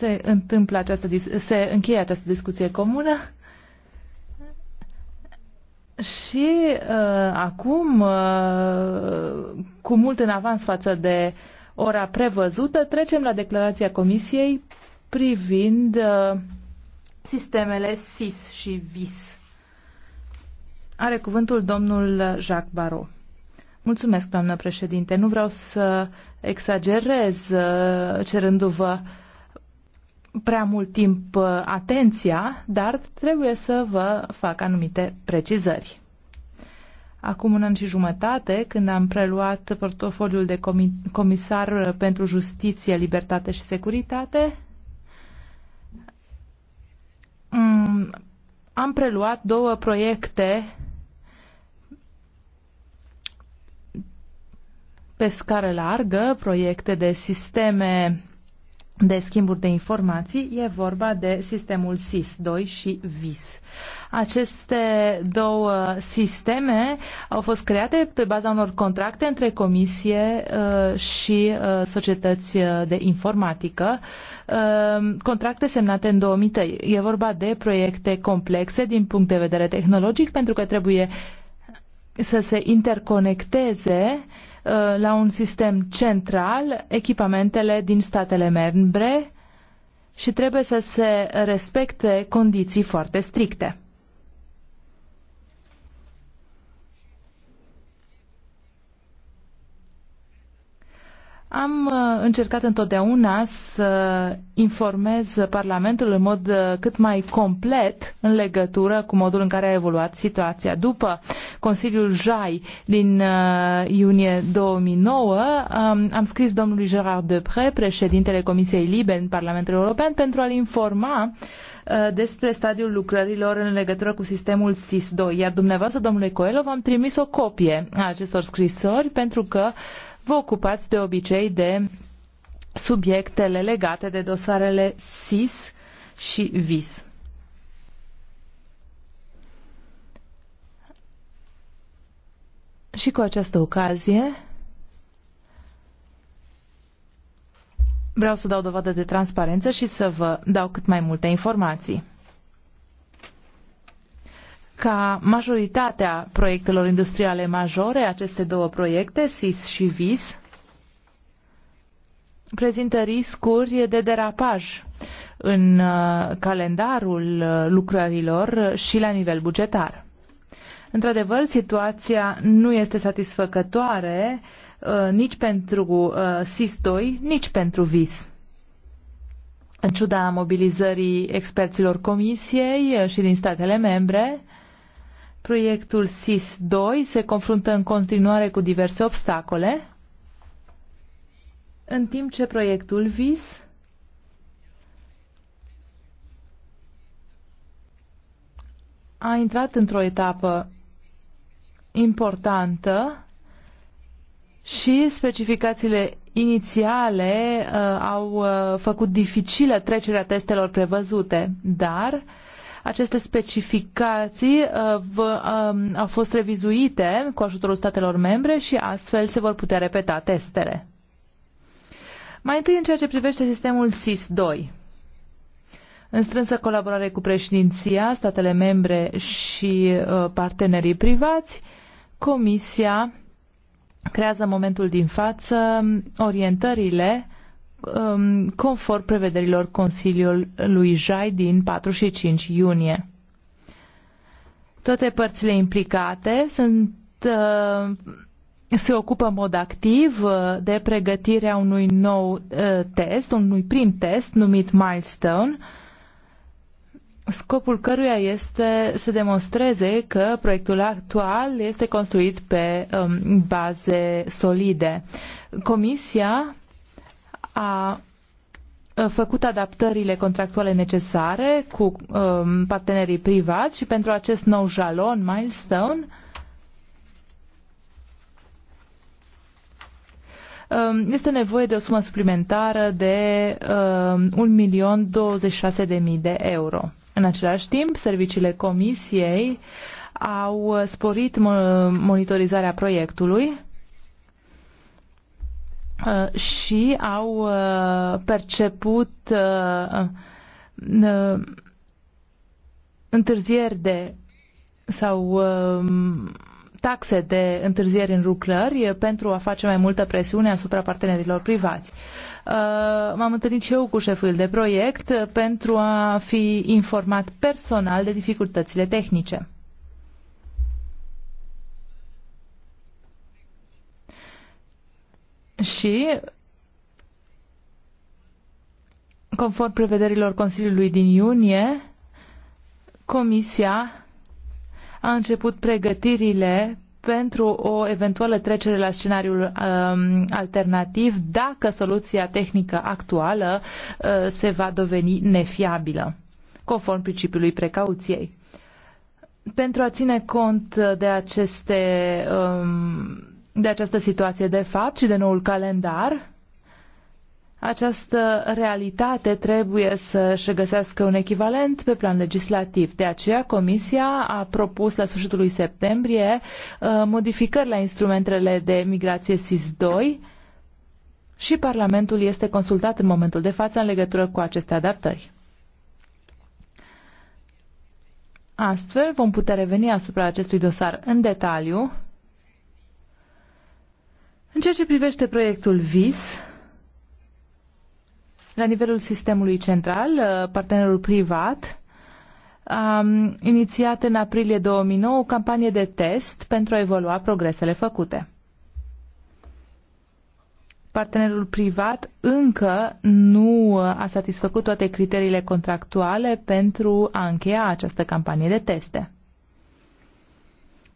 se întâmplă această, se încheie această discuție comună. Și uh, acum, uh, cu mult în avans față de ora prevăzută, trecem la declarația Comisiei privind uh, sistemele SIS și VIS. Are cuvântul domnul Jacques Barrot. Mulțumesc, doamnă președinte. Nu vreau să exagerez uh, cerându-vă prea mult timp uh, atenția, dar trebuie să vă fac anumite precizări. Acum un an și jumătate, când am preluat portofoliul de comisar pentru justiție, libertate și securitate, mm, am preluat două proiecte pe scară largă, proiecte de sisteme de schimburi de informații, e vorba de sistemul SIS-2 și VIS. Aceste două sisteme au fost create pe baza unor contracte între comisie uh, și uh, societăți uh, de informatică, contracte semnate în 2003. E vorba de proiecte complexe din punct de vedere tehnologic pentru că trebuie să se interconecteze uh, Uh, la un sistem central echipamentele din statele membre și trebuie să se respecte condiții foarte stricte. Am uh, încercat întotdeauna să informez Parlamentul în mod uh, cât mai complet în legătură cu modul în care a evoluat situația. După Consiliul JAI din uh, iunie 2009, um, am scris domnului Gerard Depre, președintele Comisiei Libe în Parlamentul European, pentru a-l informa despre stadiul lucrărilor în legătură cu sistemul SIS-2. Iar dumneavoastră, domnule Coelho, v-am trimis o copie a acestor scrisori pentru că uh, vă ocupați de obicei de subiectele legate de dosarele SIS și VIS. Și cu această ocazie vreau să dau dovadă de transparență și să vă dau cât mai multe informații ca majoritatea proiectelor industriale majore, aceste două proiecte, SIS și VIS, prezintă riscuri de derapaj în uh, calendarul uh, lucrărilor și la nivel bugetar. Într-adevăr, situația nu este satisfăcătoare uh, nici pentru SIS-2, nici pentru VIS. În ciuda mobilizării experților Comisiei și din statele membre, Proiectul SIS-2 se confruntă în continuare cu diverse obstacole, în timp ce proiectul VIS a intrat într-o etapă importantă și specificațiile inițiale uh, au uh, făcut dificilă trecerea testelor prevăzute, dar uh, aceste specificații uh, um, au fost revizuite cu ajutorul statelor membre și astfel se vor putea repeta testele. Mai întâi în ceea ce privește sistemul SIS-2. În strânsă colaborare cu președinția, statele membre și uh, partenerii privați, Comisia creează în momentul din față orientările um, conform prevederilor Consiliului Jai din 4 și 5 iunie. Toate părțile implicate sunt, uh, se ocupă în mod activ uh, de pregătirea unui nou uh, test, unui prim test numit Milestone, scopul căruia este să demonstreze că proiectul actual este construit pe um, baze solide. Comisia a făcut adaptările contractuale necesare cu um, partenerii privați și pentru acest nou jalon, milestone, um, este nevoie de o sumă suplimentară de um, 1.026.000 de euro. În același timp, serviciile comisiei au sporit monitorizarea proiectului Uh, și au uh, perceput uh, întârzieri de sau um, taxe de întârzieri în lucrări pentru a face mai multă presiune asupra partenerilor privați. M-am întâlnit și eu cu șeful de proiect pentru a fi informat personal de dificultățile tehnice. și conform prevederilor Consiliului din iunie, Comisia a început pregătirile pentru o eventuală trecere la scenariul um, alternativ dacă soluția tehnică actuală uh, se va doveni nefiabilă, conform principiului precauției. Pentru a ține cont de aceste um, de această situație de fapt și de noul calendar. Această realitate trebuie să-și găsească un echivalent pe plan legislativ. De aceea, Comisia a propus la sfârșitul lui septembrie uh, modificări la instrumentele de migrație SIS-2 și Parlamentul este consultat în momentul de față în legătură cu aceste adaptări. Astfel, vom putea reveni asupra acestui dosar în detaliu în ceea ce privește proiectul VIS, la nivelul sistemului central, uh, partenerul privat a inițiat în aprilie 2009 o campanie de test pentru a evalua progresele făcute. Partenerul privat încă nu uh, a satisfăcut toate criteriile contractuale pentru a încheia această campanie de teste.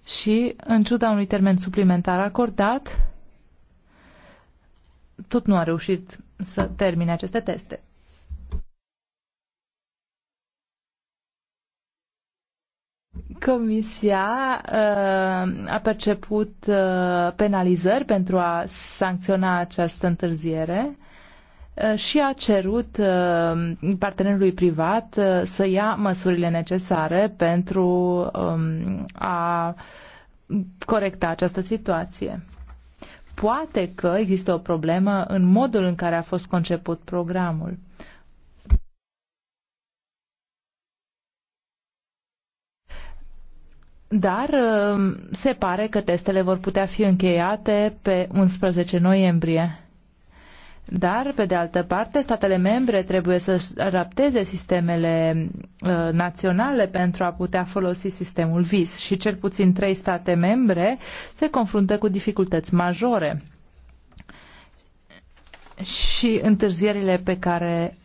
Și, în ciuda unui termen suplimentar acordat, tot nu a reușit să termine aceste teste. Comisia uh, a perceput uh, penalizări pentru a sancționa această întârziere uh, și a cerut uh, partenerului privat uh, să ia măsurile necesare pentru um, a corecta această situație poate că există o problemă în modul în care a fost conceput programul. Dar uh, se pare că testele vor putea fi încheiate pe 11 noiembrie. Dar, pe de altă parte, statele membre trebuie să adapteze sistemele uh, naționale pentru a putea folosi sistemul VIS și cel puțin trei state membre se confruntă cu dificultăți majore și întârzierile pe care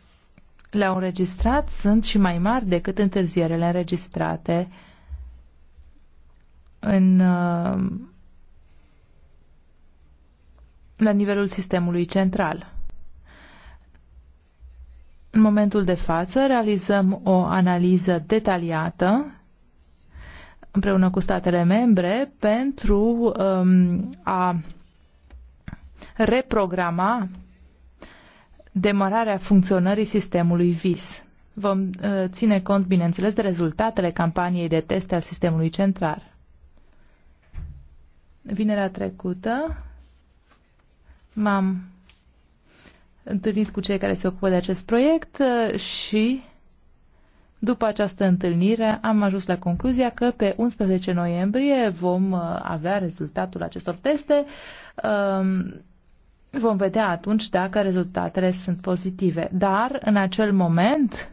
le-au înregistrat sunt și mai mari decât întârzierile înregistrate în uh, la nivelul sistemului central. În momentul de față realizăm o analiză detaliată împreună cu statele membre pentru um, a reprograma demararea funcționării sistemului VIS. Vom uh, ține cont, bineînțeles, de rezultatele campaniei de teste al sistemului central. Vinerea trecută M-am întâlnit cu cei care se ocupă de acest proiect uh, și după această întâlnire am ajuns la concluzia că pe 11 noiembrie vom uh, avea rezultatul acestor teste. Um, vom vedea atunci dacă rezultatele sunt pozitive. Dar în acel moment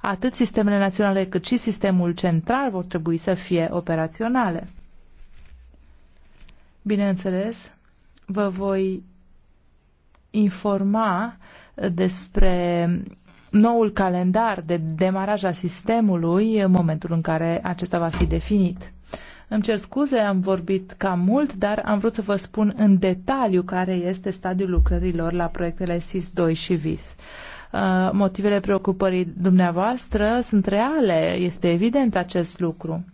atât sistemele naționale cât și sistemul central vor trebui să fie operaționale. Bineînțeles, vă voi informa uh, despre noul calendar de demaraj a sistemului în momentul în care acesta va fi definit. Îmi cer scuze, am vorbit cam mult, dar am vrut să vă spun în detaliu care este stadiul lucrărilor la proiectele SIS-2 și VIS. Uh, motivele preocupării dumneavoastră sunt reale, este evident acest lucru.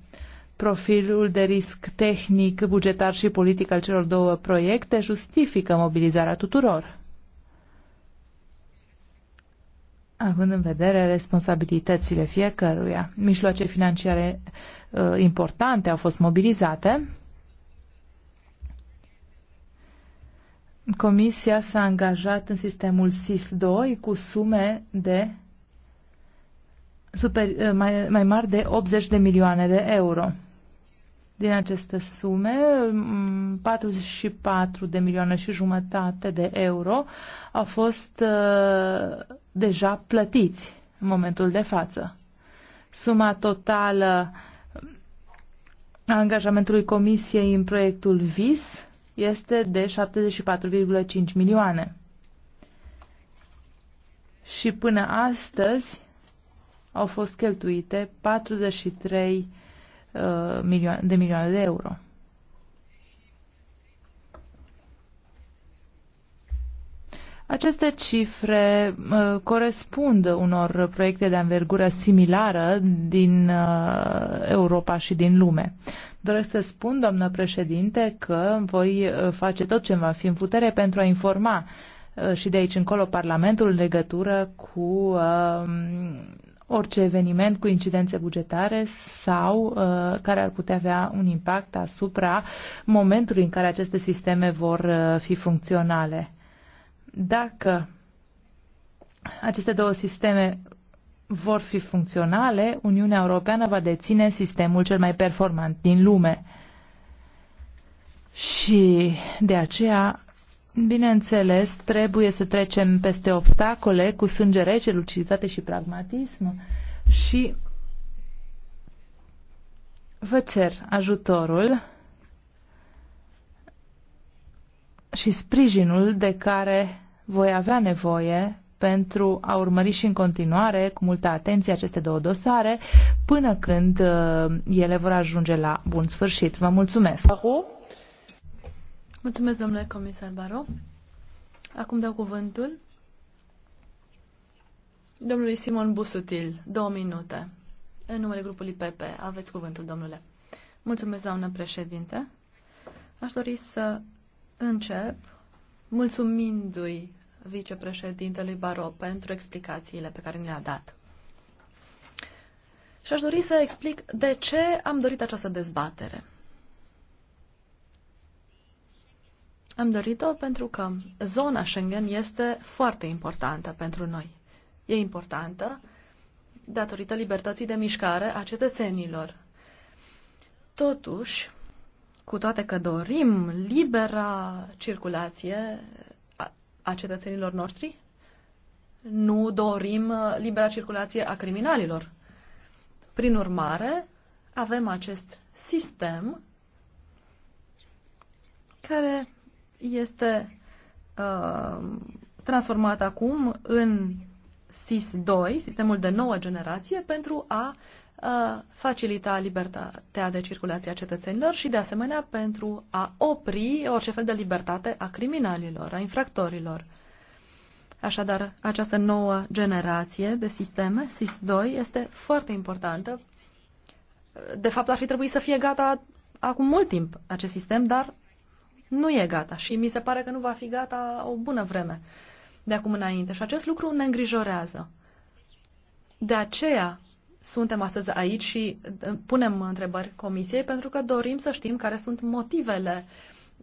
Profilul de risc tehnic, bugetar și politic al celor două proiecte justifică mobilizarea tuturor. având în vedere responsabilitățile fiecăruia. Mijloace financiare uh, importante au fost mobilizate. Comisia s-a angajat în sistemul SIS-2 cu sume de super, uh, mai, mai mari de 80 de milioane de euro. Din aceste sume, 44 mm, de milioane și jumătate de euro au fost uh, deja plătiți în momentul de față. Suma totală a angajamentului Comisiei în proiectul VIS este de 74,5 milioane. Și până astăzi au fost cheltuite 43 uh, milioane, de milioane de euro. Aceste cifre uh, corespund unor proiecte de anvergură similară din uh, Europa și din lume. Doresc să spun, doamnă președinte, că voi uh, face tot ce va fi în putere pentru a informa uh, și de aici încolo Parlamentul în legătură cu uh, orice eveniment cu incidențe bugetare sau uh, care ar putea avea un impact asupra momentului în care aceste sisteme vor uh, fi funcționale dacă aceste două sisteme vor fi funcționale, Uniunea Europeană va deține sistemul cel mai performant din lume. Și de aceea, bineînțeles, trebuie să trecem peste obstacole cu sânge rece, luciditate și pragmatism și vă cer ajutorul și sprijinul de care voi avea nevoie pentru a urmări și în continuare cu multă atenție aceste două dosare până când uh, ele vor ajunge la bun sfârșit. Vă mulțumesc! Mulțumesc, domnule comisar Baro. Acum dau cuvântul domnului Simon Busutil. Două minute. În numele grupului PP, aveți cuvântul, domnule. Mulțumesc, doamnă președinte. Aș dori să încep mulțumindu-i vicepreședintelui Baro pentru explicațiile pe care le-a dat. Și aș dori să explic de ce am dorit această dezbatere. Am dorit-o pentru că zona Schengen este foarte importantă pentru noi. E importantă datorită libertății de mișcare a cetățenilor. Totuși, cu toate că dorim libera circulație a, a cetățenilor noștri, nu dorim uh, libera circulație a criminalilor. Prin urmare, avem acest sistem care este uh, transformat acum în SIS-2, sistemul de nouă generație, pentru a uh, facilita libertatea de circulație a cetățenilor și, de asemenea, pentru a opri orice fel de libertate a criminalilor, a infractorilor. Așadar, această nouă generație de sisteme, SIS-2, este foarte importantă. De fapt, ar fi trebuit să fie gata acum mult timp acest sistem, dar nu e gata și mi se pare că nu va fi gata o bună vreme de acum înainte. Și acest lucru ne îngrijorează. De aceea, suntem astăzi aici și uh, punem întrebări comisiei pentru că dorim să știm care sunt motivele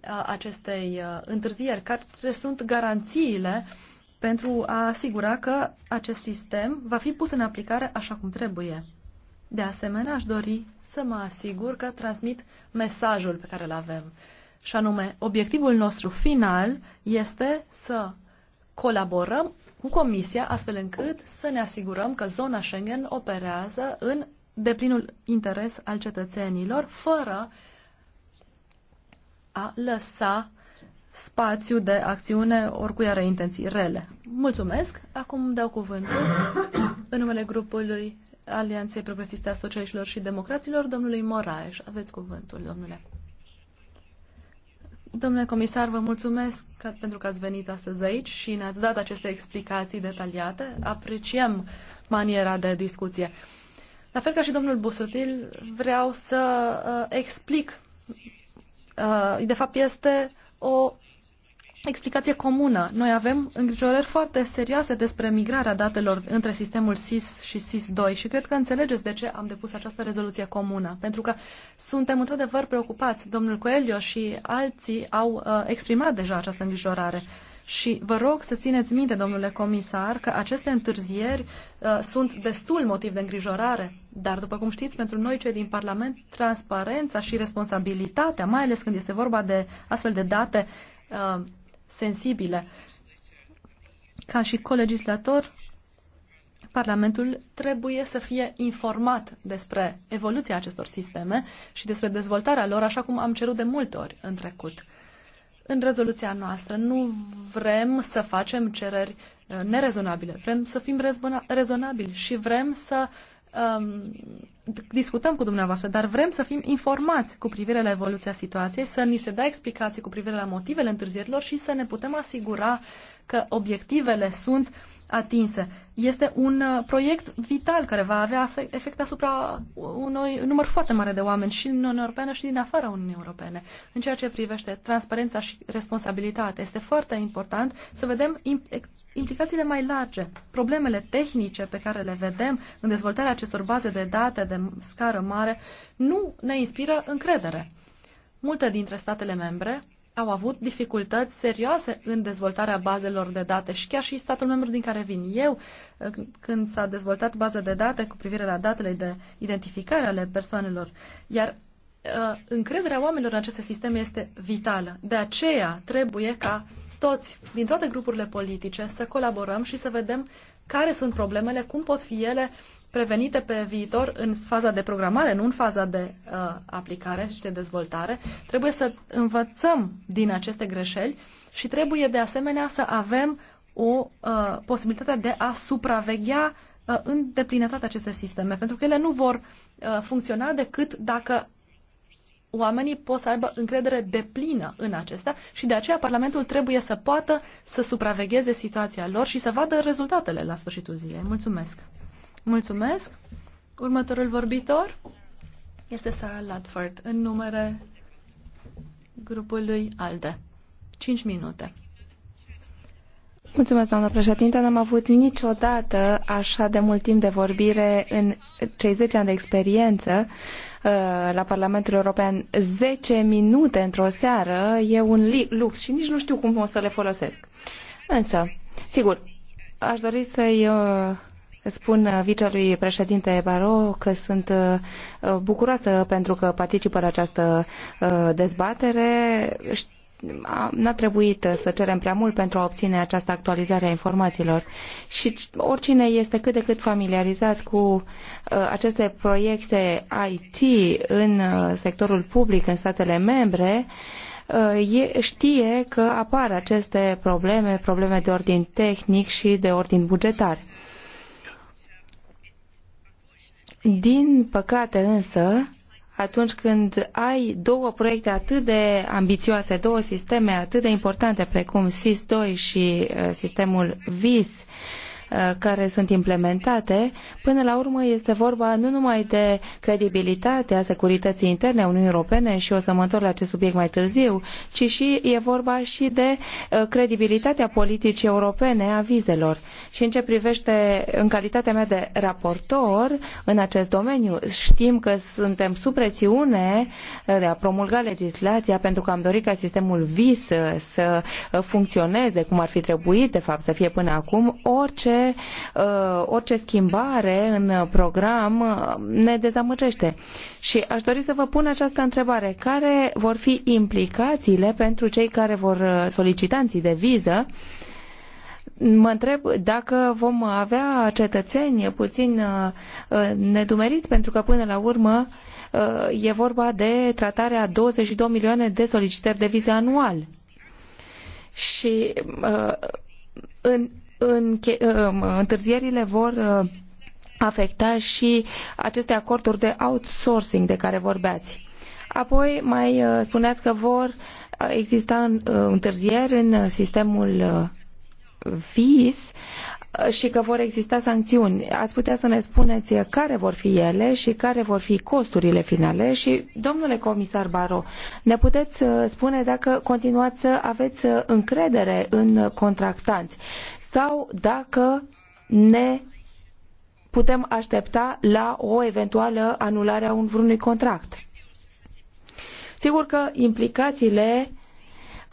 uh, acestei uh, întârzieri, care sunt garanțiile pentru a asigura că acest sistem va fi pus în aplicare așa cum trebuie. De asemenea, aș dori să mă asigur că transmit mesajul pe care îl avem. Și anume, obiectivul nostru final este să colaborăm cu Comisia, astfel încât să ne asigurăm că zona Schengen operează în deplinul interes al cetățenilor, fără a lăsa spațiu de acțiune oricui are intenții rele. Mulțumesc! Acum dau cuvântul în numele grupului Alianței Progresiste a Socialiștilor și Democraților, domnului Moraes. Aveți cuvântul, domnule. Domnule comisar, vă mulțumesc că, pentru că ați venit astăzi aici și ne-ați dat aceste explicații detaliate. Apreciem maniera de discuție. La fel ca și domnul Busutil, vreau să uh, explic. Uh, de fapt, este o explicație comună. Noi avem îngrijorări foarte serioase despre migrarea datelor între sistemul SIS și SIS-2 și cred că înțelegeți de ce am depus această rezoluție comună. Pentru că suntem într-adevăr preocupați. Domnul Coelho și alții au uh, exprimat deja această îngrijorare. Și vă rog să țineți minte, domnule comisar, că aceste întârzieri uh, sunt destul motiv de îngrijorare. Dar, după cum știți, pentru noi cei din Parlament, transparența și responsabilitatea, mai ales când este vorba de astfel de date, uh, sensibile. Ca și colegislator, Parlamentul trebuie să fie informat despre evoluția acestor sisteme și despre dezvoltarea lor, așa cum am cerut de multe ori în trecut. În rezoluția noastră nu vrem să facem cereri uh, nerezonabile, vrem să fim rezonabili și vrem să um, discutăm cu dumneavoastră, dar vrem să fim informați cu privire la evoluția situației, să ni se dea explicații cu privire la motivele întârzierilor și să ne putem asigura că obiectivele sunt atinse. Este un uh, proiect vital care va avea efect asupra unui număr foarte mare de oameni și în Uniunea Europeană și din afara Uniunii Europene. În ceea ce privește transparența și responsabilitatea, este foarte important să vedem implicațiile mai large, problemele tehnice pe care le vedem în dezvoltarea acestor baze de date de scară mare, nu ne inspiră încredere. Multe dintre statele membre au avut dificultăți serioase în dezvoltarea bazelor de date și chiar și statul membru din care vin eu, când s-a dezvoltat baza de date cu privire la datele de identificare ale persoanelor. Iar uh, încrederea oamenilor în aceste sisteme este vitală. De aceea trebuie ca toți, din toate grupurile politice, să colaborăm și să vedem care sunt problemele, cum pot fi ele prevenite pe viitor în faza de programare, nu în faza de uh, aplicare și de dezvoltare. Trebuie să învățăm din aceste greșeli și trebuie de asemenea să avem o uh, posibilitate de a supraveghea uh, în deplinătate aceste sisteme, pentru că ele nu vor uh, funcționa decât dacă oamenii pot să aibă încredere deplină în acestea și de aceea Parlamentul trebuie să poată să supravegheze situația lor și să vadă rezultatele la sfârșitul zilei. Mulțumesc! Mulțumesc! Următorul vorbitor este Sarah Ludford, în numere grupului ALDE. 5 minute. Mulțumesc, doamnă președinte. N-am avut niciodată așa de mult timp de vorbire în cei 10 ani de experiență uh, la Parlamentul European. 10 minute într-o seară e un lux și nici nu știu cum o să le folosesc. Însă, sigur, aș dori să-i uh, spun vicelui președinte Baro că sunt uh, bucuroasă pentru că participă la această dezbatere n-a trebuit uh, să cerem prea mult pentru a obține această actualizare a informațiilor și oricine este cât de cât familiarizat cu uh, aceste proiecte IT în uh, sectorul public în statele membre știe că apar aceste probleme, probleme de ordin tehnic și de ordin bugetar. Din păcate însă, atunci când ai două proiecte atât de ambițioase, două sisteme atât de importante precum SIS-2 și uh, sistemul VIS, Uh, care sunt implementate, până la urmă este vorba nu numai de credibilitatea securității interne a Uniunii Europene și o să mă întorc la acest subiect mai târziu, ci și e vorba și de uh, credibilitatea politicii europene a vizelor. Și în ce privește, în calitatea mea de raportor în acest domeniu, știm că suntem sub presiune uh, de a promulga legislația pentru că am dorit ca sistemul vis să funcționeze cum ar fi trebuit, de fapt, să fie până acum. Orice orice, uh, orice schimbare în program uh, ne dezamăgește. Și aș dori să vă pun această întrebare. Care vor fi implicațiile pentru cei care vor uh, solicitanții de viză mă întreb dacă vom avea cetățeni puțin nedumeriți, pentru că până la urmă e vorba de tratarea 22 milioane de solicitări de viză anual. Și în Uh, um, întârzierile vor uh, afecta și aceste acorduri de outsourcing de care vorbeați. Apoi mai uh, spuneați că vor exista întârzieri în sistemul VIS și că vor exista sancțiuni. Ați putea să ne spuneți care vor fi ele și care vor fi costurile finale și, domnule comisar Baro, ne puteți spune dacă continuați să aveți încredere în contractanți sau dacă ne putem aștepta la o eventuală anulare a vreunui contract. Sigur că implicațiile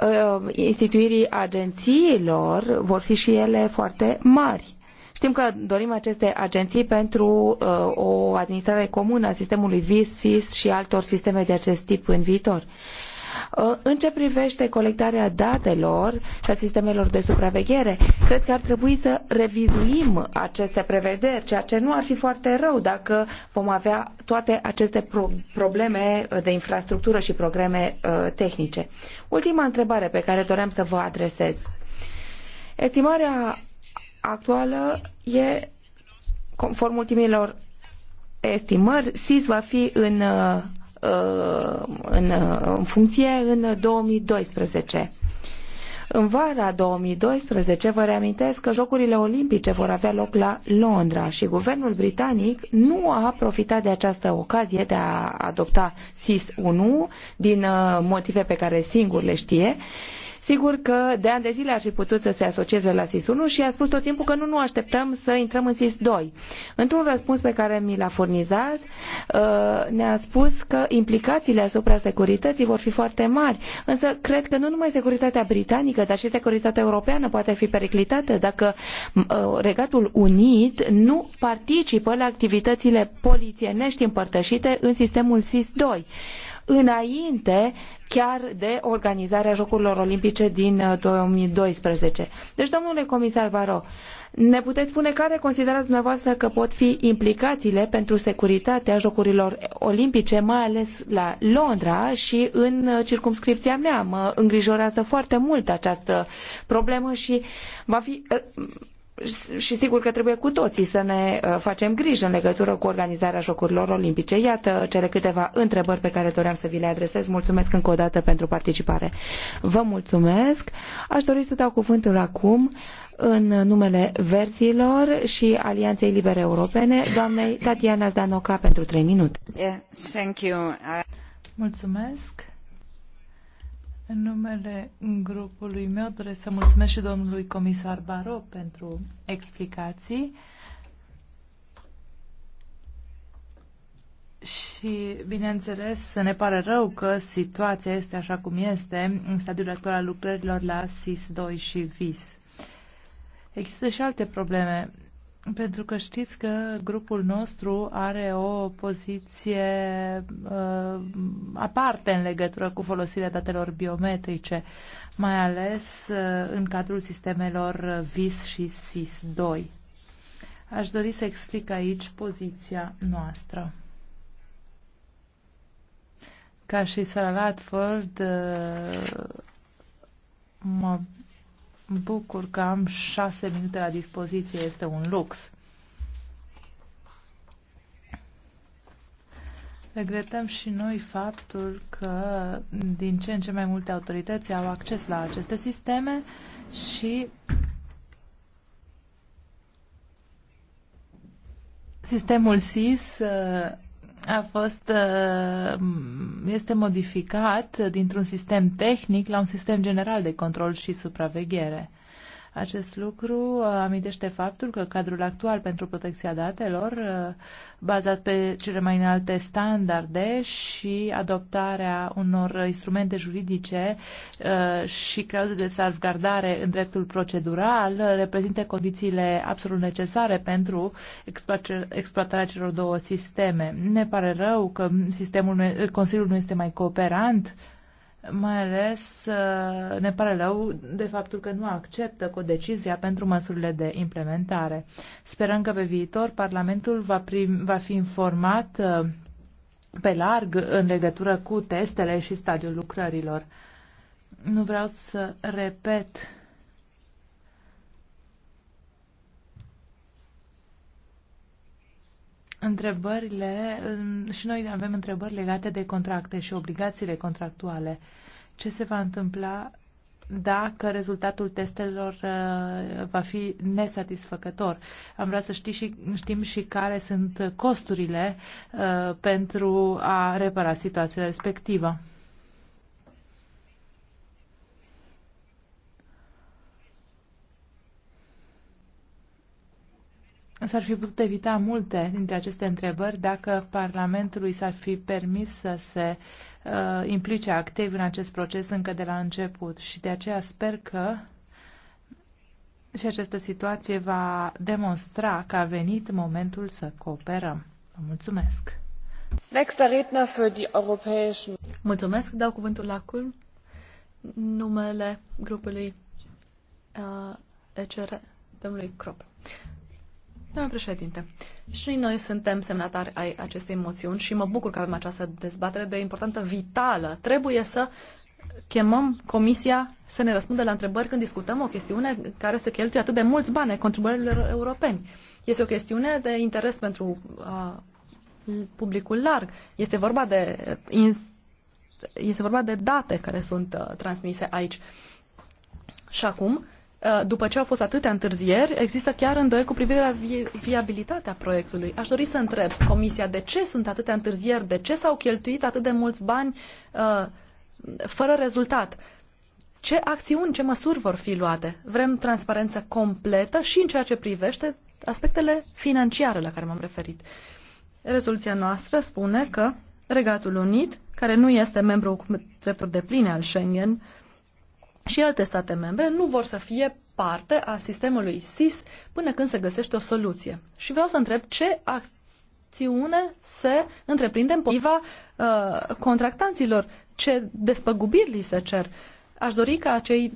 uh, instituirii agențiilor vor fi și ele foarte mari. Știm că dorim aceste agenții pentru uh, o administrare comună a sistemului VIS, SIS și altor sisteme de acest tip în viitor. Uh, în ce privește colectarea datelor și a sistemelor de supraveghere, cred că ar trebui să revizuim aceste prevederi, ceea ce nu ar fi foarte rău dacă vom avea toate aceste probleme de infrastructură și programe uh, tehnice. Ultima întrebare pe care doream să vă adresez. Estimarea actuală e, conform ultimilor estimări, SIS va fi în uh, Uh, în, uh, în funcție în 2012. În vara 2012, vă reamintesc că Jocurile Olimpice vor avea loc la Londra și guvernul britanic nu a profitat de această ocazie de a adopta SIS 1 din uh, motive pe care singur le știe Sigur că de ani de zile ar fi putut să se asocieze la SIS-1 și a spus tot timpul că nu, nu așteptăm să intrăm în SIS-2. Într-un răspuns pe care mi l-a furnizat, uh, ne-a spus că implicațiile asupra securității vor fi foarte mari, însă cred că nu numai securitatea britanică, dar și securitatea europeană poate fi periclitată dacă uh, Regatul Unit nu participă la activitățile polițienești împărtășite în sistemul SIS-2 înainte chiar de organizarea Jocurilor Olimpice din 2012. Uh, deci, domnule comisar Baro, ne puteți spune care considerați dumneavoastră că pot fi implicațiile pentru securitatea Jocurilor Olimpice, mai ales la Londra și în uh, circumscripția mea. Mă îngrijorează foarte mult această problemă și va fi uh, și sigur că trebuie cu toții să ne uh, facem griji în legătură cu organizarea Jocurilor Olimpice. Iată cele câteva întrebări pe care doream să vi le adresez. Mulțumesc încă o dată pentru participare. Vă mulțumesc. Aș dori să dau cuvântul acum în numele Verzilor și Alianței Libere Europene, doamnei Tatiana Zdanoca pentru 3 minute. Yeah, thank you. I... Mulțumesc. În numele grupului meu doresc să mulțumesc și domnului comisar Baro pentru explicații. Și, bineînțeles, ne pare rău că situația este așa cum este în stadiul actual al lucrărilor la SIS-2 și VIS. Există și alte probleme pentru că știți că grupul nostru are o poziție uh, aparte în legătură cu folosirea datelor biometrice, mai ales uh, în cadrul sistemelor VIS și SIS-2. Aș dori să explic aici poziția noastră. Ca și Sarah Radford, uh, mă bucur că am șase minute la dispoziție. Este un lux. Regretăm și noi faptul că din ce în ce mai multe autorități au acces la aceste sisteme și sistemul SIS a fost, uh, este modificat dintr-un sistem tehnic la un sistem general de control și supraveghere. Acest lucru uh, amintește faptul că cadrul actual pentru protecția datelor, uh, bazat pe cele mai înalte standarde și adoptarea unor instrumente juridice uh, și clauze de salvgardare în dreptul procedural, reprezintă condițiile absolut necesare pentru exploatarea celor două sisteme. Ne pare rău că sistemul, Consiliul nu este mai cooperant mai ales uh, ne pare rău de faptul că nu acceptă cu decizia pentru măsurile de implementare. Sperăm că pe viitor Parlamentul va, prim, va fi informat uh, pe larg în legătură cu testele și stadiul lucrărilor. Nu vreau să repet întrebările, și noi avem întrebări legate de contracte și obligațiile contractuale. Ce se va întâmpla dacă rezultatul testelor uh, va fi nesatisfăcător. Am vrea să știi și, știm și care sunt costurile uh, pentru a repara situația respectivă. S-ar fi putut evita multe dintre aceste întrebări dacă Parlamentului s-ar fi permis să se uh, implice activ în acest proces încă de la început și de aceea sper că și această situație va demonstra că a venit momentul să cooperăm. Vă mulțumesc! Mulțumesc, dau cuvântul la CUL, numele grupului uh, ECR, domnului Crop. Doamne președinte, și noi suntem semnatari ai acestei moțiuni și mă bucur că avem această dezbatere de importantă, vitală. Trebuie să chemăm Comisia să ne răspundă la întrebări când discutăm o chestiune care se cheltuie atât de mulți bani contribuabililor europeni. Este o chestiune de interes pentru uh, publicul larg. Este vorba de este vorba de date care sunt uh, transmise aici. Și acum Eh, după ce au fost atâtea întârzieri, există chiar îndoieli cu privire la vi viabilitatea proiectului. Aș dori să întreb Comisia de ce sunt atâtea întârzieri, de ce s-au cheltuit atât de mulți bani uh, fără rezultat. Ce acțiuni, ce măsuri vor fi luate? Vrem transparență completă și în ceea ce privește aspectele financiare la care m-am referit. Rezoluția noastră spune că Regatul Unit, care nu este membru cu drepturi de pline al Schengen, și alte state membre nu vor să fie parte a sistemului SIS până când se găsește o soluție. Și vreau să întreb ce acțiune se întreprinde împotriva uh, contractanților, ce despăgubiri li se cer. Aș dori ca acei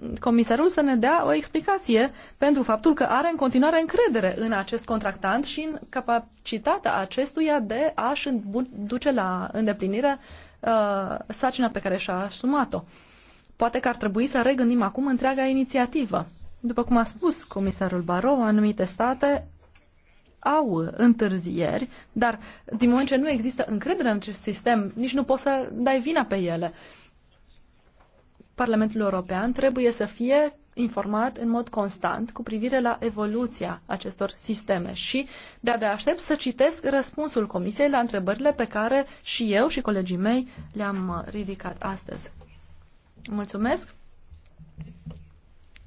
mm, comisarul să ne dea o explicație pentru faptul că are în continuare încredere în acest contractant și în capacitatea acestuia de a-și duce la îndeplinire uh, sarcina pe care și-a asumat-o. Uh, Poate că ar trebui să regândim acum întreaga inițiativă. După cum a spus comisarul Barou, anumite state au întârzieri, dar din moment ce nu există încredere în acest sistem, nici nu poți să dai vina pe ele. Parlamentul European trebuie să fie informat în mod constant cu privire la evoluția acestor sisteme și de-abia aștept să citesc răspunsul Comisiei la întrebările pe care și eu și colegii mei le-am ridicat astăzi. Mulțumesc.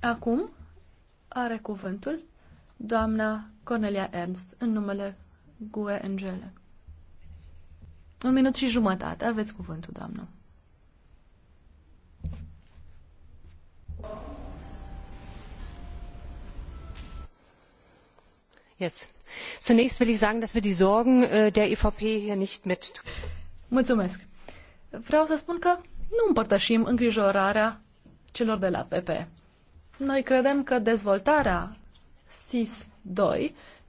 Acum are cuvântul doamna Cornelia Ernst în numele GUE Angele. Un minut și jumătate. Aveți cuvântul, doamnă. Jetzt. Zunächst will ich sagen, dass wir die Sorgen äh, der EVP hier nicht mit. Mulțumesc. Vreau să spun că nu împărtășim îngrijorarea celor de la PP. Noi credem că dezvoltarea SIS-2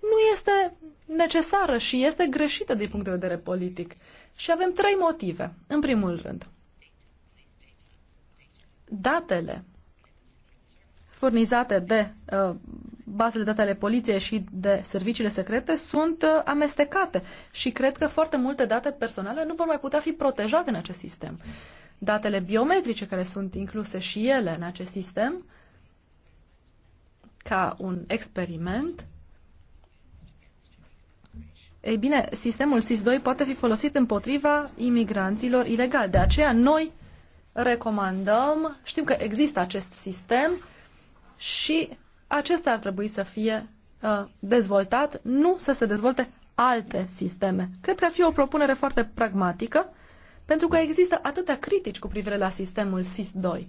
nu este necesară și este greșită din punct de vedere politic. Și avem trei motive. În primul rând, datele furnizate de uh, bazele date ale poliției și de serviciile secrete sunt uh, amestecate și cred că foarte multe date personale nu vor mai putea fi protejate în acest sistem. Uh, datele biometrice care sunt incluse și ele în acest sistem ca un experiment. Ei bine, sistemul SIS-2 poate fi folosit împotriva imigranților ilegali. De aceea noi recomandăm, știm că există acest sistem și acesta ar trebui să fie uh, dezvoltat, nu să se dezvolte alte sisteme. Cred că ar fi o propunere foarte pragmatică pentru că există atâtea critici cu privire la sistemul SIS-2.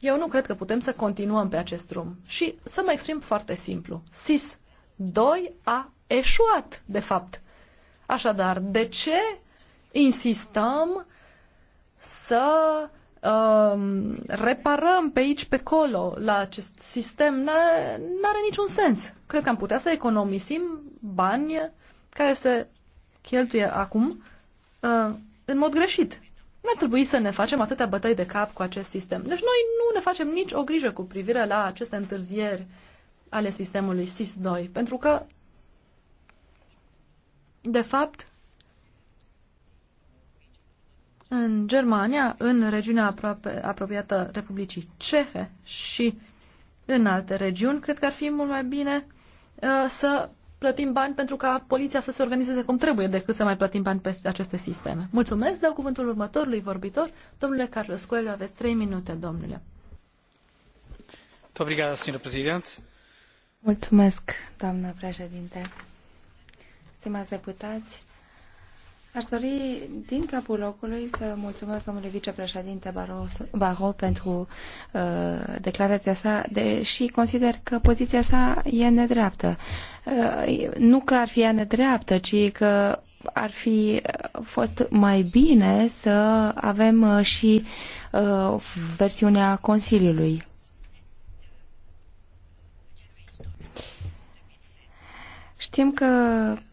Eu nu cred că putem să continuăm pe acest drum. Și să mă exprim foarte simplu. SIS-2 a eșuat, de fapt. Așadar, de ce insistăm să um, reparăm pe aici, pe acolo, la acest sistem? N-are niciun sens. Cred că am putea să economisim bani care se cheltuie acum uh, în mod greșit. Nu ar trebui să ne facem atâtea bătăi de cap cu acest sistem. Deci noi nu ne facem nici o grijă cu privire la aceste întârzieri ale sistemului SIS-2, pentru că, de fapt, în Germania, în regiunea aproape, apropiată Republicii Cehe și în alte regiuni, cred că ar fi mult mai bine uh, să plătim bani pentru ca poliția să se organizeze cum trebuie, decât să mai plătim bani peste aceste sisteme. Mulțumesc, dau cuvântul următorului vorbitor, domnule Carlos Coelho, aveți trei minute, domnule. Mulțumesc, doamnă președinte. Stimați deputați, Aș dori din capul locului să mulțumesc domnului vicepreședinte Baro, pentru uh, declarația sa, deși consider că poziția sa e nedreaptă. Uh, nu că ar fi ea nedreaptă, ci că ar fi fost mai bine să avem uh, și uh, versiunea Consiliului Știm că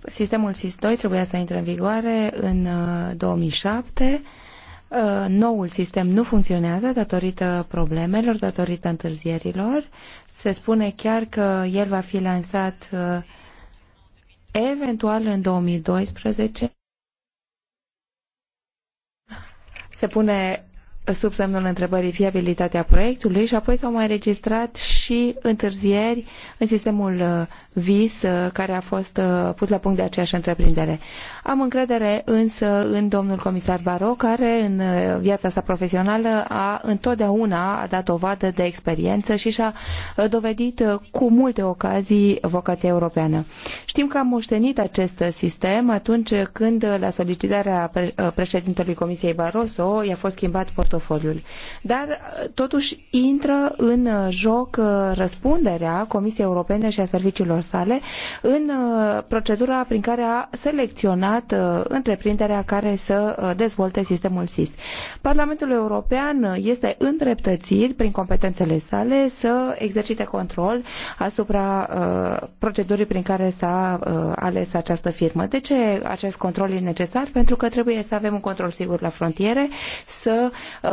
sistemul SIS-2 trebuia să intre în vigoare în 2007. Uh, uh, noul sistem nu funcționează datorită problemelor, datorită întârzierilor. Se spune chiar că el va fi lansat uh, eventual în 2012. Se pune sub semnul întrebării fiabilitatea proiectului și apoi s-au mai registrat și întârzieri în sistemul uh, VIS uh, care a fost uh, pus la punct de aceeași întreprindere. Am încredere însă în domnul comisar Baro care în viața sa profesională a întotdeauna a dat o vadă de experiență și și-a dovedit cu multe ocazii vocația europeană. Știm că am moștenit acest sistem atunci când la solicitarea președintelui Comisiei Barroso i-a fost schimbat portofoliul portofoliul. Dar totuși intră în uh, joc uh, răspunderea Comisiei Europene și a serviciilor sale în uh, procedura prin care a selecționat întreprinderea care să dezvolte sistemul SIS. Parlamentul European este îndreptățit prin competențele sale să exercite control asupra procedurii prin care s-a ales această firmă. De ce acest control e necesar? Pentru că trebuie să avem un control sigur la frontiere, să Uh,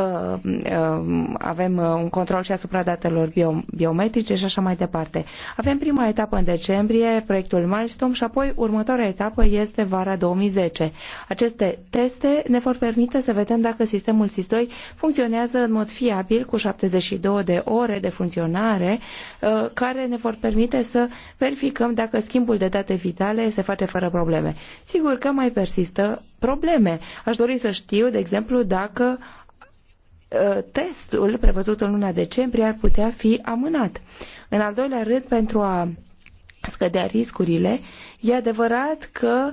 um, avem uh, un control și asupra datelor biometrice și așa mai departe. Avem prima etapă în decembrie, proiectul Milestone și apoi următoarea etapă este vara 2010. Aceste teste ne vor permite să vedem dacă sistemul SIS-2 funcționează în mod fiabil cu 72 de ore de funcționare uh, care ne vor permite să verificăm dacă schimbul de date vitale se face fără probleme. Sigur că mai persistă probleme. Aș dori să știu, de exemplu, dacă Uh, testul prevăzut în luna decembrie ar putea fi amânat. În al doilea rând, pentru a scădea riscurile, e adevărat că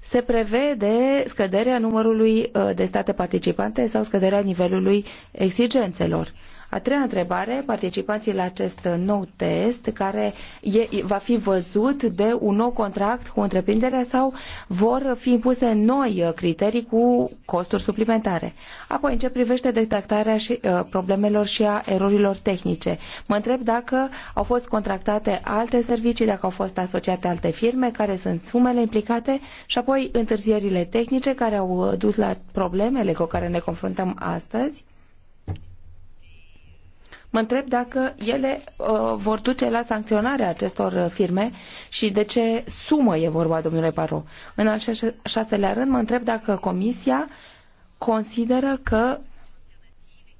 se prevede scăderea numărului uh, de state participante sau scăderea nivelului exigențelor. A treia întrebare, participații la acest nou test care e, va fi văzut de un nou contract cu întreprindere sau vor fi impuse noi criterii cu costuri suplimentare. Apoi, în ce privește detectarea și, uh, problemelor și a erorilor tehnice, mă întreb dacă au fost contractate alte servicii, dacă au fost asociate alte firme, care sunt sumele implicate și apoi întârzierile tehnice care au uh, dus la problemele cu care ne confruntăm astăzi Mă întreb dacă ele uh, vor duce la sancționarea acestor uh, firme și de ce sumă e vorba, domnule Paro. În al șaselea rând, mă întreb dacă Comisia consideră că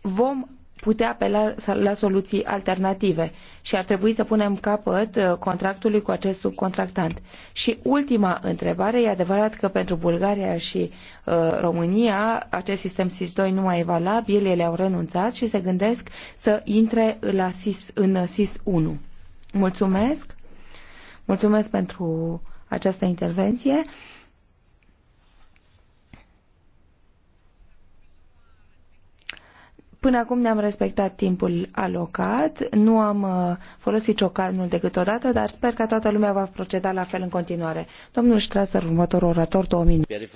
vom putea apela la soluții alternative și ar trebui să punem capăt uh, contractului cu acest subcontractant. Și ultima întrebare, e adevărat că pentru Bulgaria și uh, România acest sistem SIS-2 nu mai e valabil, ele au renunțat și se gândesc să intre la SIS, în SIS-1. Mulțumesc! Mulțumesc pentru această intervenție. Până acum ne-am respectat timpul alocat, nu am uh, folosit ciocanul decât o dată, dar sper că toată lumea va proceda la fel în continuare. Domnul Strasser, următorul orator, două minute.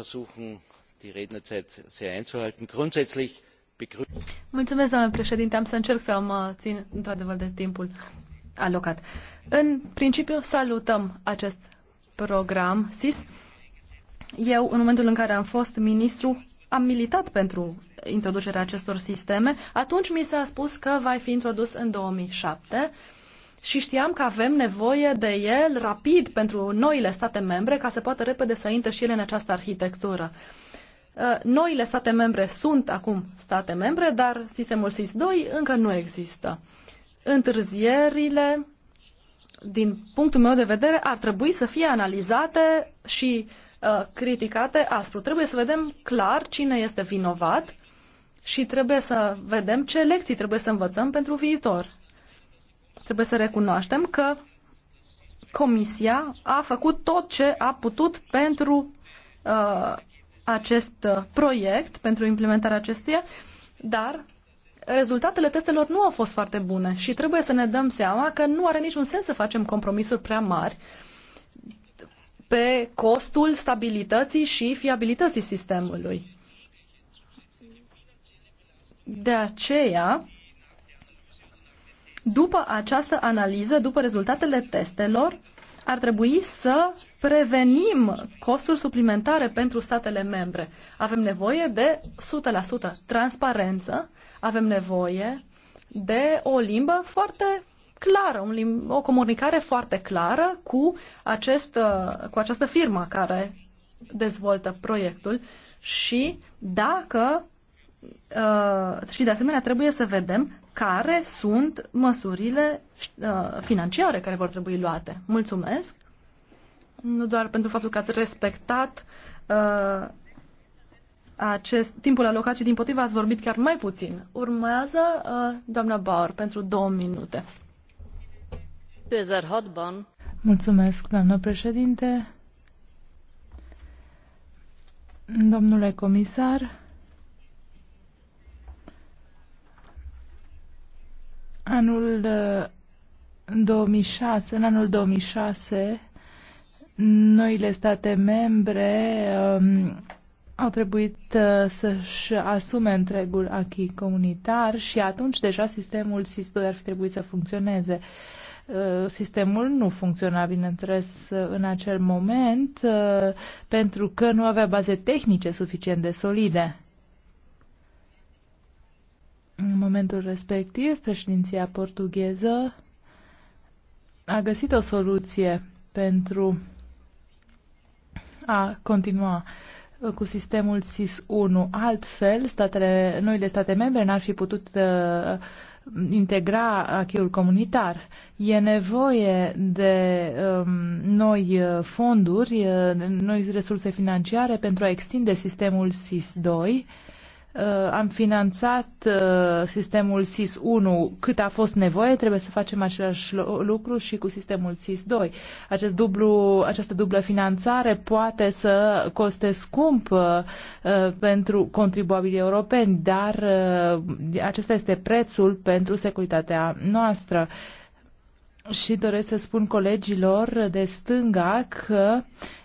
Mulțumesc, domnule președinte. Am să încerc să mă țin într-adevăr de timpul alocat. În principiu, salutăm acest program SIS. Eu, în momentul în care am fost ministru, am militat pentru introducerea acestor sisteme, atunci mi s-a spus că va fi introdus în 2007 și știam că avem nevoie de el rapid pentru noile state membre ca să poată repede să intre și ele în această arhitectură. Uh, noile state membre sunt acum state membre, dar sistemul SIS-2 încă nu există. Întârzierile, din punctul meu de vedere, ar trebui să fie analizate și uh, criticate aspru. Trebuie să vedem clar cine este vinovat și trebuie să vedem ce lecții trebuie să învățăm pentru viitor. Trebuie să recunoaștem că Comisia a făcut tot ce a putut pentru uh, acest uh, proiect, pentru implementarea acestuia, dar rezultatele testelor nu au fost foarte bune și trebuie să ne dăm seama că nu are niciun sens să facem compromisuri prea mari pe costul stabilității și fiabilității sistemului. De aceea, după această analiză, după rezultatele testelor, ar trebui să prevenim costuri suplimentare pentru statele membre. Avem nevoie de 100% transparență, avem nevoie de o limbă foarte clară, un lim- o comunicare foarte clară cu, acest, cu această firmă care dezvoltă proiectul și dacă Uh, și de asemenea trebuie să vedem care sunt măsurile uh, financiare care vor trebui luate. Mulțumesc, nu doar pentru faptul că ați respectat uh, acest timpul alocat, ci din potriva ați vorbit chiar mai puțin. Urmează uh, doamna Bauer pentru două minute. Mulțumesc, doamnă președinte. Domnule comisar, Anul 2006, uh, în anul 2006, noile state membre um, au trebuit uh, să-și asume întregul acquis comunitar și atunci deja sistemul SIS-2 ar fi trebuit să funcționeze. Uh, sistemul nu funcționa, bineînțeles, uh, în acel moment pentru că nu avea baze tehnice suficient de solide momentul respectiv, președinția portugheză a găsit o soluție pentru a continua cu sistemul SIS-1. Altfel, statele, noile state membre n-ar fi putut uh, integra achiul comunitar. E nevoie de um, noi uh, fonduri, uh, noi resurse financiare pentru a extinde sistemul SIS-2 Uh, am finanțat uh, sistemul SIS-1 cât a fost nevoie, trebuie să facem același lucru și cu sistemul SIS-2. Acest dublu, această dublă finanțare poate să coste scump uh, pentru contribuabilii europeni, dar acesta este prețul pentru securitatea noastră. Și doresc să spun colegilor de stânga că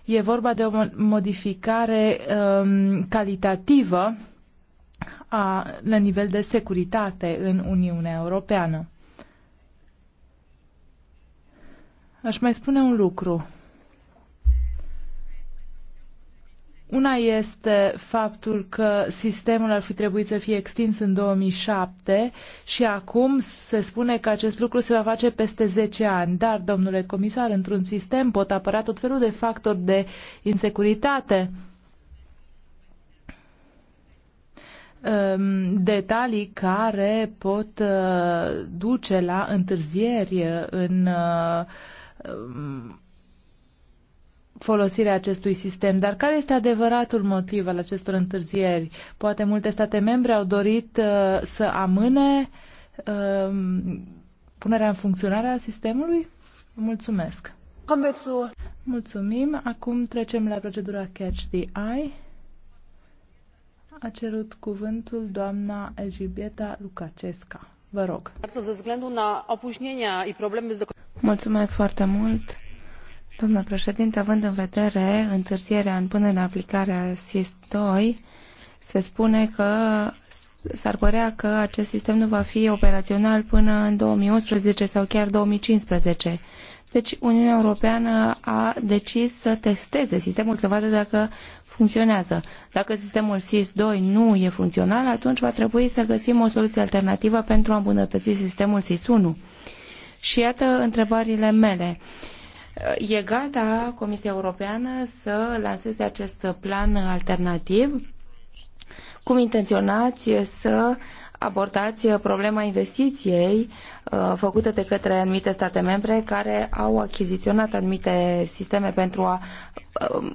e vorba de o modificare um, calitativă a, la nivel de securitate în Uniunea Europeană. Aș mai spune un lucru. Una este faptul că sistemul ar fi trebuit să fie extins în 2007 și acum se spune că acest lucru se va face peste 10 ani. Dar, domnule comisar, într-un sistem pot apărea tot felul de factori de insecuritate Um, detalii care pot uh, duce la întârzieri în uh, um, folosirea acestui sistem. Dar care este adevăratul motiv al acestor întârzieri? Poate multe state membre au dorit uh, să amâne um, punerea în funcționare a sistemului? Mulțumesc! Mulțumim! Acum trecem la procedura Catch the Eye a cerut cuvântul doamna Elżbieta Lucacesca, Vă rog. Mulțumesc foarte mult. Domnule președinte, având în vedere întârzierea în până în aplicarea SIS-2, se spune că s-ar părea că acest sistem nu va fi operațional până în 2011 sau chiar 2015. Deci Uniunea Europeană a decis să testeze sistemul, să vadă dacă funcționează. Dacă sistemul SIS-2 nu e funcțional, atunci va trebui să găsim o soluție alternativă pentru a îmbunătăți sistemul SIS-1. Și iată întrebările mele. E gata Comisia Europeană să lanseze acest plan alternativ? Cum intenționați să abordați problema investiției uh, făcută de către anumite state membre care au achiziționat anumite sisteme pentru a uh,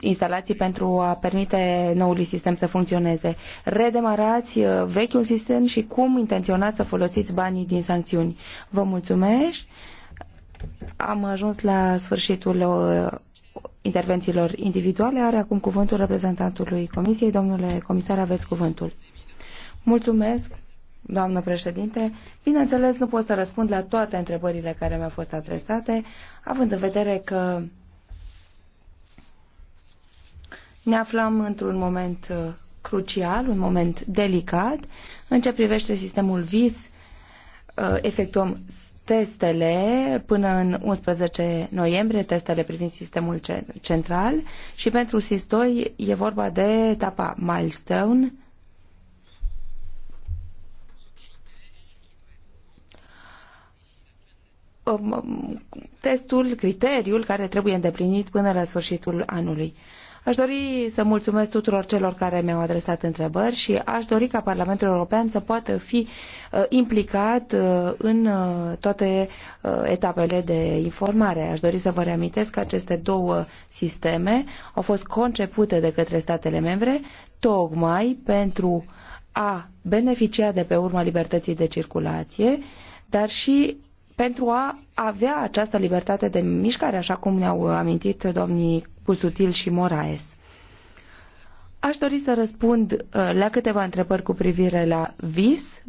instalații pentru a permite noului sistem să funcționeze. Redemarați uh, vechiul sistem și cum intenționați să folosiți banii din sancțiuni. Vă mulțumesc. Am ajuns la sfârșitul uh, intervențiilor individuale. Are acum cuvântul reprezentantului Comisiei. Domnule comisar, aveți cuvântul. Mulțumesc. Doamnă președinte, bineînțeles nu pot să răspund la toate întrebările care mi-au fost adresate, având în vedere că ne aflăm într-un moment uh, crucial, un moment delicat. În ce privește sistemul VIS, uh, efectuăm testele până în 11 noiembrie, testele privind sistemul central și pentru SIS-2 e vorba de etapa milestone, um, um, testul, criteriul care trebuie îndeplinit până la sfârșitul anului. Aș dori să mulțumesc tuturor celor care mi-au adresat întrebări și aș dori ca Parlamentul European să poată fi uh, implicat uh, în uh, toate etapele de informare. Aș dori să vă reamintesc că aceste două sisteme au fost concepute de către statele membre tocmai pentru a beneficia de pe urma libertății de circulație, dar și pentru a avea această libertate de mișcare, așa cum ne-au amintit domnii Pusutil și Moraes. Aș dori să răspund uh, la câteva întrebări cu privire la vis,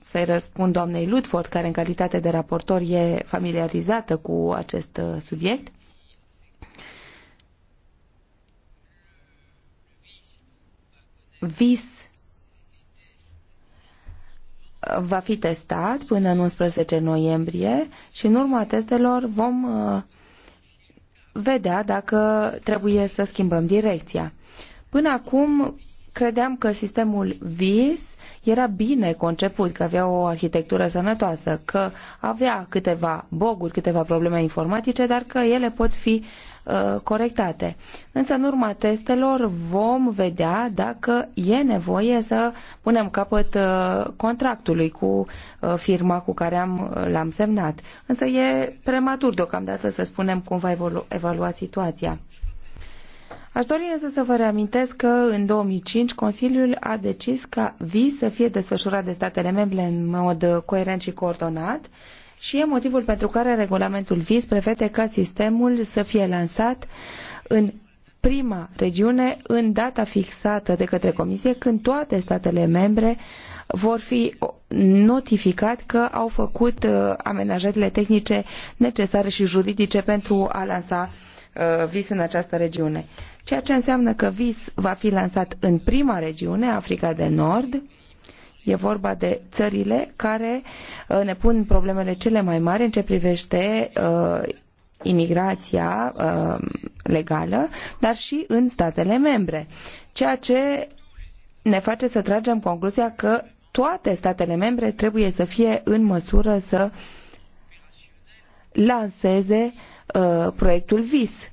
să-i răspund doamnei Ludford, care în calitate de raportor e familiarizată cu acest uh, subiect. Vis va fi testat până în 11 noiembrie și în urma testelor vom uh, vedea dacă trebuie să schimbăm direcția. Până acum credeam că sistemul VIS era bine conceput, că avea o arhitectură sănătoasă, că avea câteva boguri, câteva probleme informatice, dar că ele pot fi uh, Uh, corectate. Însă în urma testelor vom vedea dacă e nevoie să punem capăt uh, contractului cu uh, firma cu care am, l-am semnat. Însă e prematur deocamdată să spunem cum va evalua, evalua situația. Aș dori însă să vă reamintesc că în 2005 Consiliul a decis ca VI să fie desfășurat de statele membre în mod coerent și coordonat și e motivul pentru care regulamentul VIS prevede ca sistemul să fie lansat în prima regiune în data fixată de către Comisie când toate statele membre vor fi notificat că au făcut uh, amenajările tehnice necesare și juridice pentru a lansa uh, vis în această regiune. Ceea ce înseamnă că vis va fi lansat în prima regiune, Africa de Nord, E vorba de țările care uh, ne pun problemele cele mai mari în ce privește uh, imigrația uh, legală, dar și în statele membre, ceea ce ne face să tragem concluzia că toate statele membre trebuie să fie în măsură să lanseze uh, proiectul VIS,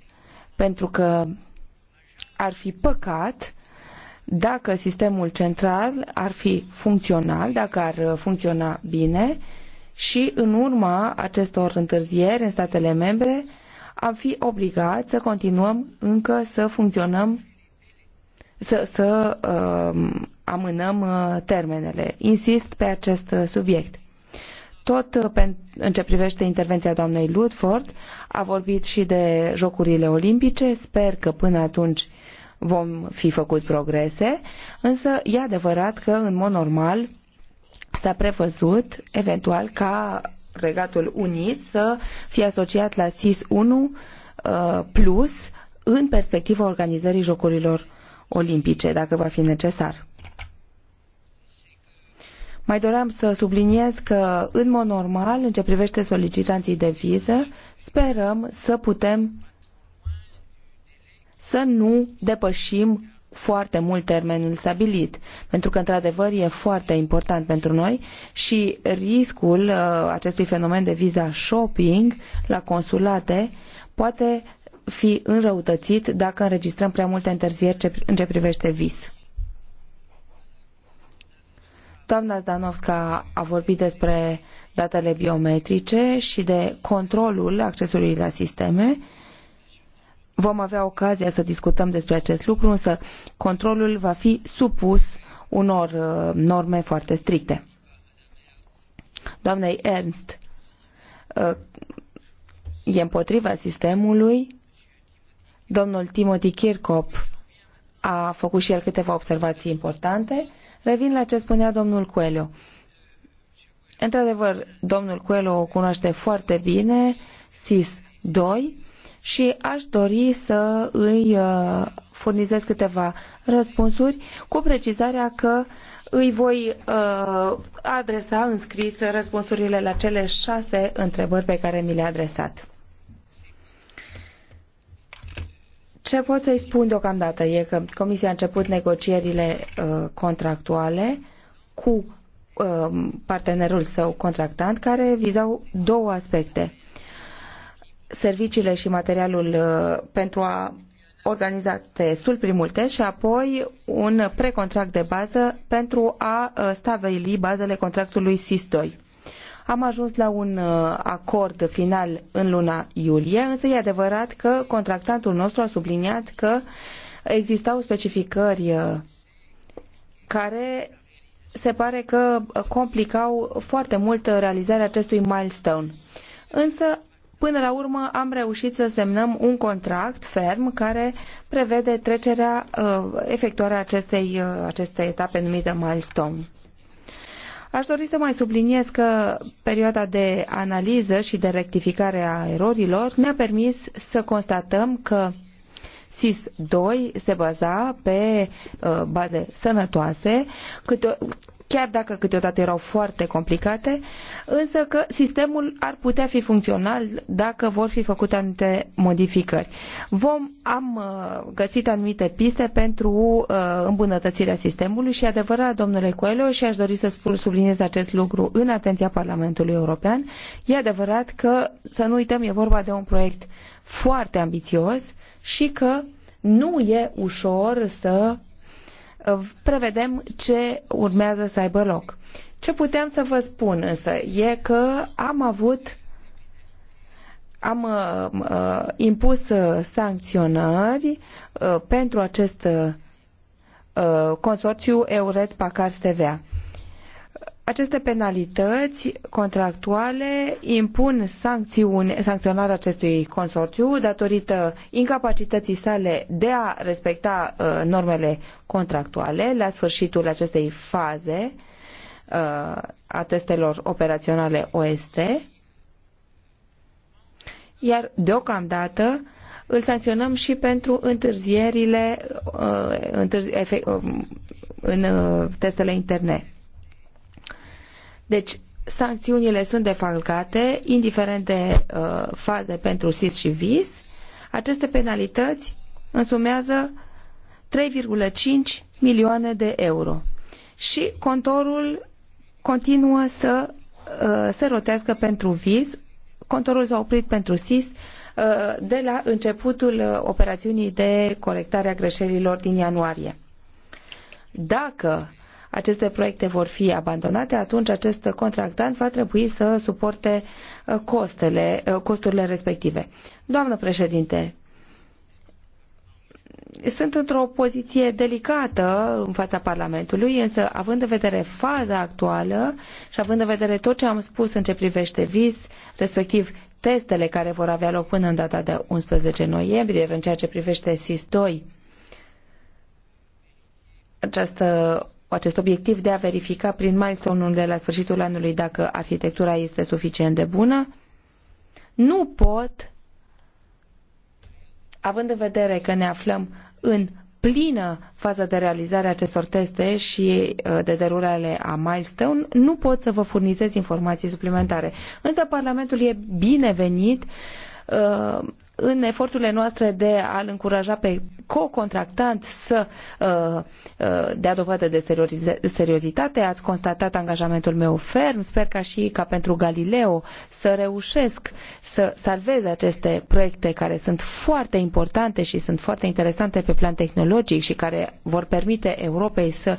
pentru că ar fi păcat dacă sistemul central ar fi funcțional, dacă ar uh, funcționa bine și în urma acestor întârzieri în statele membre, am fi obligați să continuăm încă să funcționăm, să, să um, uh, amânăm termenele. Insist pe acest uh, subiect tot uh, în ce privește intervenția doamnei Ludford, a vorbit și de Jocurile Olimpice. Sper că până atunci vom fi făcut progrese, însă e adevărat că, în mod normal, s-a prevăzut eventual ca Regatul Unit să fie asociat la SIS 1 uh, plus în perspectiva organizării Jocurilor Olimpice, dacă va fi necesar. Mai doream să subliniez că, în mod normal, în ce privește solicitanții de viză, sperăm să putem să nu depășim foarte mult termenul stabilit, pentru că, într-adevăr, e foarte important pentru noi și riscul uh, acestui fenomen de visa shopping la consulate poate fi înrăutățit dacă înregistrăm prea multe întârzieri ce, în ce privește vis. Doamna Zdanovska a vorbit despre datele biometrice și de controlul accesului la sisteme. Uh, Vom avea ocazia să discutăm despre acest lucru, însă controlul va fi supus unor uh, norme foarte stricte. Doamnei Ernst uh, e împotriva sistemului. Domnul Timothy Kirkop a făcut și el câteva observații importante. Revin la ce spunea domnul Coelho. Într-adevăr, domnul Coelho o cunoaște foarte bine, SIS 2, și aș dori să îi uh, furnizez câteva răspunsuri cu precizarea că îi voi uh, adresa în scris răspunsurile la cele șase întrebări pe care mi le-a adresat. Ce pot să-i spun deocamdată e că Comisia a început negocierile uh, contractuale cu partenerul său contractant care vizau două aspecte serviciile și materialul uh, pentru a organiza testul, primul test și apoi un precontract de bază pentru a uh, stabili bazele contractului SIS-2. Am ajuns la un uh, acord final în luna iulie, însă e adevărat că contractantul nostru a subliniat că existau specificări care se pare că complicau foarte mult realizarea acestui milestone. Însă Până la urmă am reușit să semnăm un contract ferm care prevede trecerea, uh, efectuarea acestei, uh, acestei etape numită milestone. Aș dori să mai subliniez că perioada de analiză și de rectificare a erorilor ne-a permis să constatăm că SIS-2 se baza pe uh, baze sănătoase, câte, chiar dacă câteodată erau foarte complicate, însă că sistemul ar putea fi funcțional dacă vor fi făcute anumite modificări. Vom, am uh, găsit anumite piste pentru uh, îmbunătățirea sistemului și adevărat, domnule Coelho, și aș dori să subliniez acest lucru în atenția Parlamentului European, e adevărat că, să nu uităm, e vorba de un proiect foarte ambițios, uh, și că nu e ușor să uh, prevedem ce urmează să aibă loc. Ce putem să vă spun însă e că am avut am uh, uh, impus uh, sancționări uh, pentru acest uh, consorțiu Euret Pacar TVA aceste penalități contractuale impun sancțiuni sancționarea acestui consorțiu datorită incapacității sale de a respecta uh, normele contractuale la sfârșitul acestei faze uh, a testelor operaționale OST, iar deocamdată îl sancționăm și pentru întârzierile uh, întârzi, efect, um, în uh, testele interne deci, sancțiunile sunt defalcate, indiferent de uh, faze pentru SIS și VIS. Aceste penalități însumează 3,5 milioane de euro. Și contorul continuă să uh, se rotească pentru VIS. Contorul s-a oprit pentru SIS uh, de la începutul uh, operațiunii de colectare a greșelilor din ianuarie. Dacă aceste proiecte vor fi abandonate, atunci acest contractant va trebui să suporte uh, costele, uh, costurile respective. Doamnă președinte, sunt într-o poziție delicată în fața Parlamentului, însă având în vedere faza actuală și având în vedere tot ce am spus în ce privește vis, respectiv testele care vor avea loc până în data de 11 noiembrie, în ceea ce privește SIS-2, această cu acest obiectiv de a verifica prin milestone-ul de la sfârșitul anului dacă arhitectura este suficient de bună, nu pot, având în vedere că ne aflăm în plină fază de realizare a acestor teste și uh, de derulare a milestone, nu pot să vă furnizez informații suplimentare. Însă Parlamentul e binevenit uh, în eforturile noastre de a-l încuraja pe co-contractant să uh, uh, dea dovadă de seriozitate. Ați constatat angajamentul meu ferm. Sper ca și ca pentru Galileo să reușesc să salvez aceste proiecte care sunt foarte importante și sunt foarte interesante pe plan tehnologic și care vor permite Europei să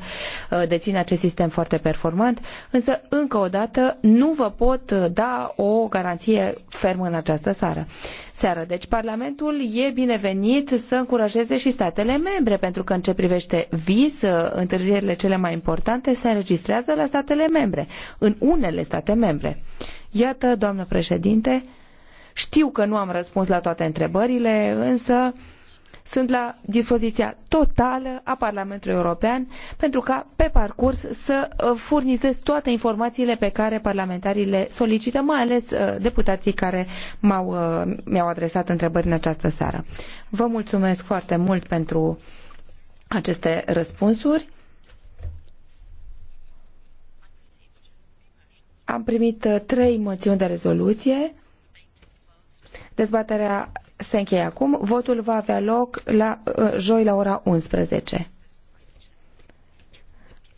uh, dețină acest sistem foarte performant. Însă, încă o dată, nu vă pot da o garanție fermă în această seară. seară. Deci, Parlamentul e binevenit să încurajeze și statele membre, pentru că în ce privește vis, uh, întârzierile cele mai importante se înregistrează la statele membre, în unele state membre. Iată, doamnă președinte, știu că nu am răspuns la toate întrebările, însă sunt la dispoziția totală a Parlamentului European pentru ca pe parcurs să uh, furnizez toate informațiile pe care parlamentarii le solicită, mai ales uh, deputații care m-au, uh, mi-au adresat întrebări în această seară. Vă mulțumesc foarte mult pentru aceste răspunsuri. Am primit trei moțiuni de rezoluție. Dezbaterea se încheie acum. Votul va avea loc la uh, joi la ora 11.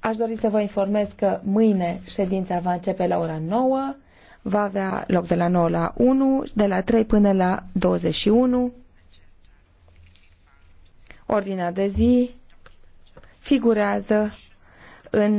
Aș dori să vă informez că mâine ședința va începe la ora 9, va avea loc de la 9 la 1, de la 3 până la 21. Ordinea de zi figurează în